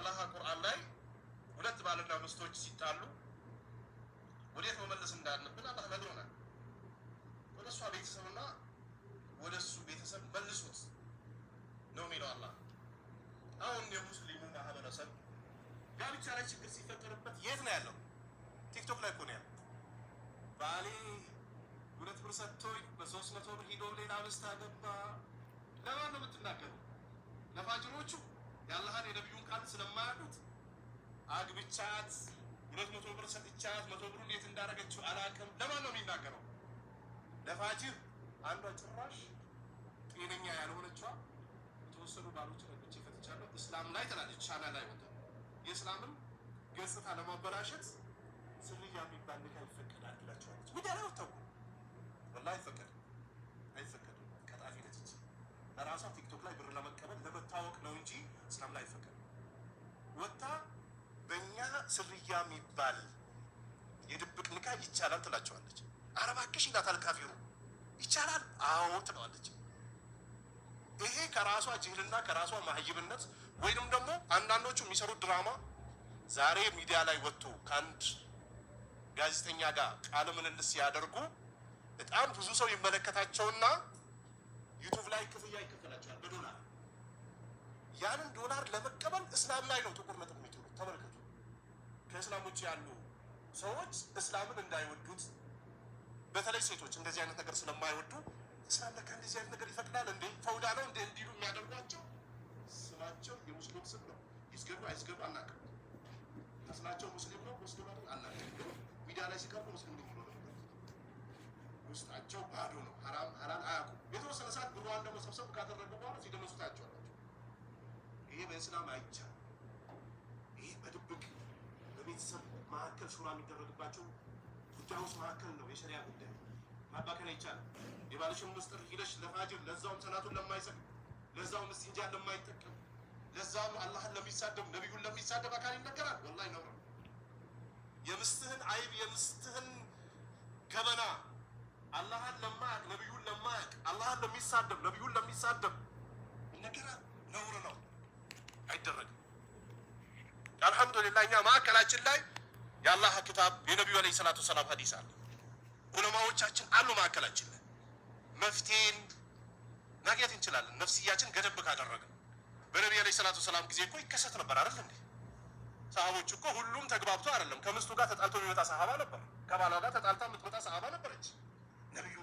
አላህ ቁርአን ላይ ሁለት ባልና ሚስቶች ሲጣሉ ወዴት መመለስ እንዳለብን አላህ ነግሮናል። ወደ እሷ ቤተሰብና ወደ እሱ ቤተሰብ መልሱት ነው የሚለው አላህ። አሁን የሙስሊሙ ማህበረሰብ ጋብቻ ላይ ችግር ሲፈጠርበት የት ነው ያለው? ቲክቶክ ላይ እኮ ነው ያለው። ባሌ ሁለት ብር ሰጥቶኝ በሶስት መቶ ብር ሂዶ ሌላ ሚስት አገባ። ለማን ነው የምትናገረው? የአላህን የነቢዩን ቃል ስለማያውቁት አግብቻት ሁለት መቶ ብር ሰጥቻት መቶ ብሩን እንዴት እንዳደረገችው አላውቅም። ለማን ነው የሚናገረው? ለፋጅር። አንዷ ጭራሽ ጤነኛ ያልሆነችዋ የተወሰኑ ባሎች ረግቼ ፈትቻለሁ እስላም ላይ ትላለች። ቻና ላይ ወጣ የእስላምን ገጽታ ለማበላሸት ስርያ የሚባል ስርያ የሚባል የድብቅ ንካህ ይቻላል ትላቸዋለች። አረ እባክሽ ይላታል ካፊሩ። ይቻላል አዎ ትለዋለች። ይሄ ከራሷ ጅህልና ከራሷ ማህይብነት ወይንም ደግሞ አንዳንዶቹ የሚሰሩት ድራማ ዛሬ ሚዲያ ላይ ወጥቶ ከአንድ ጋዜጠኛ ጋር ቃለ ምልልስ ሲያደርጉ በጣም ብዙ ሰው ይመለከታቸውና ዩቱብ ላይ ክፍያ ይከፈላቸዋል በዶላር። ያንን ዶላር ለመቀበል እስላም ላይ ነው ጥቁር ነጥብ የሚጥሉት። ተመልከቱ። ከእስላም ውጭ ያሉ ሰዎች እስላምን እንዳይወዱት በተለይ ሴቶች እንደዚህ አይነት ነገር ስለማይወዱ እስላም ለካ እንደዚህ አይነት ነገር ይፈቅዳል እንዴ ፈውዳ ነው እንዴ እንዲሉ የሚያደርጓቸው ስማቸው የሙስሊም ስም ነው። ይስገቡ አይስገቡ አናውቅም። ስማቸው ሙስሊም ነው ሙስሊም አይደል አናውቅም። ሚዲያ ላይ ሲቀርቡ ሙስሊም ነው ብሎ ነው ውስጣቸው ባዶ ነው። ሀራም ሀላል አያውቁም። የተወሰነ ሰዓት ጉሯን ደግሞ ሰብሰብ ካደረገ በኋላ ሲደመሱታቸው አላቸው። ይሄ በእስላም አይቻልም። ይሄ በድብቅ ቤተሰብ መካከል ሹራ የሚደረግባቸው ጉዳዮች መካከል ነው የሸሪያ ጉዳይ። ማባከን አይቻልም። የባልሽን ምስጢር ሂደሽ ለፋጅር ለዛውም ሰላቱን ለማይሰግድ ለዛውም እስቲንጃን ለማይጠቀም ለዛውም አላህን ለሚሳደብ ነቢዩን ለሚሳደብ አካል ይነገራል። ወላሂ ነው የምስትህን አይብ የምስትህን ገበና አላህን ለማያቅ ነቢዩን ለማያቅ አላህን ለሚሳደብ ነቢዩን ለሚሳደብ ይነገራል። ነውር ነው፣ አይደረግም። አልሐምዱሊላህ እኛ ማዕከላችን ላይ የአላህ ኪታብ የነቢዩ አለይሂ ሰላቱ ሰላም ሀዲስ አለ። ዑለማዎቻችን አሉ ማዕከላችን ላይ መፍትሄን ማግኘት እንችላለን። ነፍስያችን ገደብ ካደረግን በነቢ አለይሂ ሰላቱ ሰላም ጊዜ እኮ ይከሰት ነበር አይደል እንዴ? ሰሃቦች እኮ ሁሉም ተግባብቶ አይደለም። ከምስቱ ጋር ተጣልቶ የሚመጣ ሰሃባ ነበር። ከባሏ ጋር ተጣልታ የምትመጣ ሰሃባ ነበረች። ነቢዩ